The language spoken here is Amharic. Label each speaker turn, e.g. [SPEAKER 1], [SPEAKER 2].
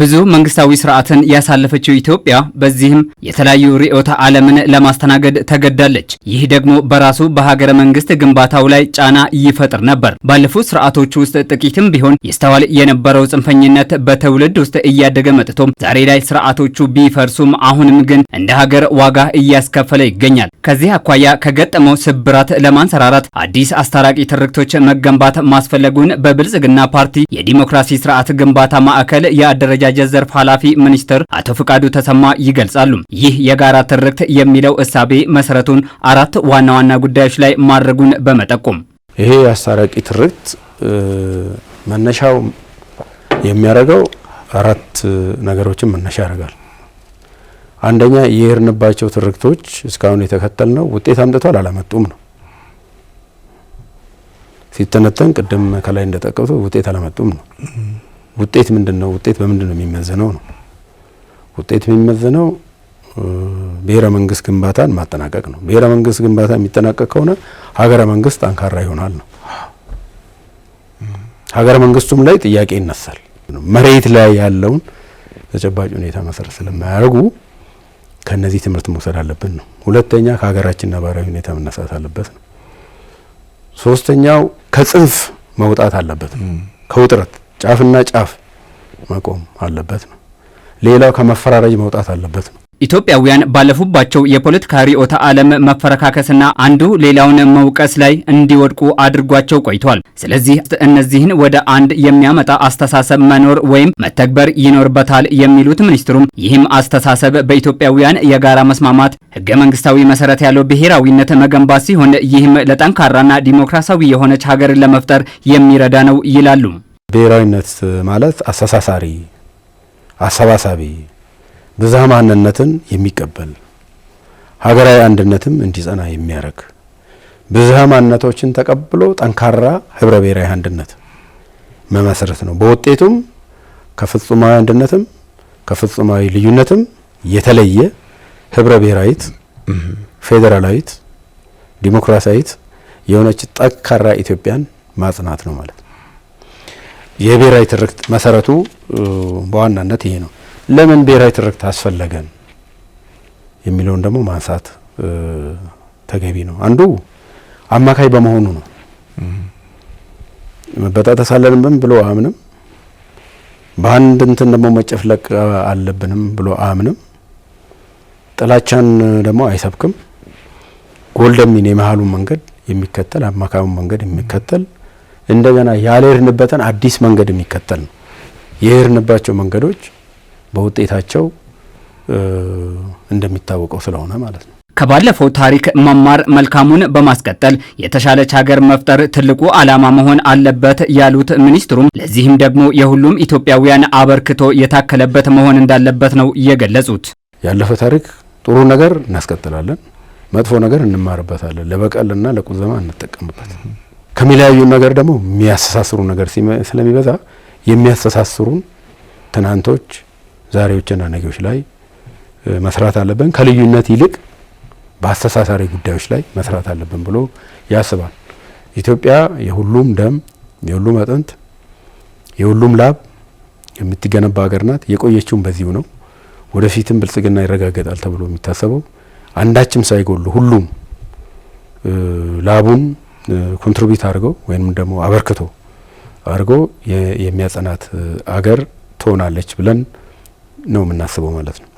[SPEAKER 1] ብዙ መንግስታዊ ስርዓትን ያሳለፈችው ኢትዮጵያ በዚህም የተለያዩ ርዕዮተ ዓለምን ለማስተናገድ ተገዳለች። ይህ ደግሞ በራሱ በሀገረ መንግስት ግንባታው ላይ ጫና ይፈጥር ነበር። ባለፉት ስርዓቶች ውስጥ ጥቂትም ቢሆን ይስተዋል የነበረው ጽንፈኝነት በትውልድ ውስጥ እያደገ መጥቶም ዛሬ ላይ ስርዓቶቹ ቢፈርሱም አሁንም ግን እንደ ሀገር ዋጋ እያስከፈለ ይገኛል። ከዚህ አኳያ ከገጠመው ስብራት ለማንሰራራት አዲስ አስታራቂ ትርክቶች መገንባት ማስፈለጉን በብልጽግና ፓርቲ የዲሞክራሲ ስርዓት ግንባታ ማዕከል የአደረጃ አደረጃጀት ዘርፍ ኃላፊ ሚኒስትር አቶ ፍቃዱ ተሰማ ይገልጻሉ። ይህ የጋራ ትርክት የሚለው እሳቤ መሰረቱን አራት ዋና ዋና ጉዳዮች ላይ ማድረጉን በመጠቆም
[SPEAKER 2] ይሄ የአስታራቂ ትርክት መነሻው የሚያደርገው አራት ነገሮችን መነሻ ያደርጋል። አንደኛ የሄድንባቸው ትርክቶች እስካሁን የተከተልነው ውጤት አምጥቷል አላመጡም ነው ሲተነተን ቅድም ከላይ እንደጠቀሱ ውጤት አላመጡም ነው። ውጤት ምንድን ነው? ውጤት በምንድን ነው የሚመዘነው? ነው ውጤት የሚመዘነው ብሔረ መንግስት ግንባታን ማጠናቀቅ ነው። ብሔረ መንግስት ግንባታ የሚጠናቀቅ ከሆነ ሀገረ መንግስት ጠንካራ ይሆናል ነው። ሀገረ መንግስቱም ላይ ጥያቄ ይነሳል። መሬት ላይ ያለውን ተጨባጭ ሁኔታ መሰረት ስለማያደርጉ ከነዚህ ትምህርት መውሰድ አለብን ነው። ሁለተኛ ከሀገራችን ነባራዊ ሁኔታ መነሳት አለበት ነው። ሶስተኛው ከጽንፍ መውጣት አለበት ነው ከውጥረት ጫፍና ጫፍ መቆም አለበት ነው። ሌላው ከመፈራረጅ መውጣት አለበት ነው።
[SPEAKER 1] ኢትዮጵያውያን ባለፉባቸው የፖለቲካ ርዕዮተ ዓለም መፈረካከስና አንዱ ሌላውን መውቀስ ላይ እንዲወድቁ አድርጓቸው ቆይቷል። ስለዚህ እነዚህን ወደ አንድ የሚያመጣ አስተሳሰብ መኖር ወይም መተግበር ይኖርበታል የሚሉት ሚኒስትሩም ይህም አስተሳሰብ በኢትዮጵያውያን የጋራ መስማማት ህገ መንግስታዊ መሰረት ያለው ብሔራዊነት መገንባት ሲሆን ይህም ለጠንካራና ዲሞክራሲያዊ የሆነች ሀገርን ለመፍጠር የሚረዳ ነው ይላሉ።
[SPEAKER 2] ብሔራዊነት ማለት አስተሳሳሪ፣ አሰባሳቢ፣ ብዝሃ ማንነትን የሚቀበል ሀገራዊ አንድነትም እንዲጸና የሚያደርግ ብዝሃ ማንነቶችን ተቀብሎ ጠንካራ ህብረ ብሔራዊ አንድነት መመስረት ነው። በውጤቱም ከፍጹማዊ አንድነትም ከፍጹማዊ ልዩነትም የተለየ ህብረ ብሔራዊት ፌዴራላዊት ዲሞክራሲያዊት የሆነች ጠንካራ ኢትዮጵያን ማጽናት ነው ማለት ነው። የብሔራዊ ትርክት መሰረቱ በዋናነት ይሄ ነው። ለምን ብሔራዊ ትርክት አስፈለገን የሚለውን ደግሞ ማንሳት ተገቢ ነው። አንዱ አማካይ በመሆኑ ነው። መበጣጠስ ብሎ አምንም በአንድ እንትን ደግሞ መጨፍለቅ አለብንም ብሎ አምንም። ጥላቻን ደግሞ አይሰብክም። ጎልደሚን የመሀሉን መንገድ የሚከተል አማካዩን መንገድ የሚከተል እንደገና ያልሄድንበትን አዲስ መንገድ የሚከተል ነው። የሄድንባቸው መንገዶች በውጤታቸው እንደሚታወቀው ስለሆነ ማለት ነው።
[SPEAKER 1] ከባለፈው ታሪክ መማር መልካሙን በማስቀጠል የተሻለች ሀገር መፍጠር ትልቁ ዓላማ መሆን አለበት ያሉት ሚኒስትሩም ለዚህም ደግሞ የሁሉም ኢትዮጵያውያን አበርክቶ የታከለበት መሆን እንዳለበት ነው የገለጹት።
[SPEAKER 2] ያለፈ ታሪክ ጥሩ ነገር እናስቀጥላለን፣ መጥፎ ነገር እንማርበታለን፣ ለበቀልና ለቁዘማ እንጠቀምበት ከሚለያዩን ነገር ደግሞ የሚያስተሳስሩ ነገር ስለሚበዛ የሚያስተሳስሩን ትናንቶች፣ ዛሬዎችና ነገዎች ላይ መስራት አለብን። ከልዩነት ይልቅ በአስተሳሳሪ ጉዳዮች ላይ መስራት አለብን ብሎ ያስባል። ኢትዮጵያ የሁሉም ደም፣ የሁሉም አጥንት፣ የሁሉም ላብ የምትገነባ ሀገር ናት። የቆየችውም በዚሁ ነው። ወደፊትም ብልጽግና ይረጋገጣል ተብሎ የሚታሰበው አንዳችም ሳይጎሉ ሁሉም ላቡን ኮንትሪቢዩት አድርገው ወይም ደግሞ አበርክቶ አድርጎ የሚያጸናት አገር ትሆናለች ብለን ነው የምናስበው ማለት ነው።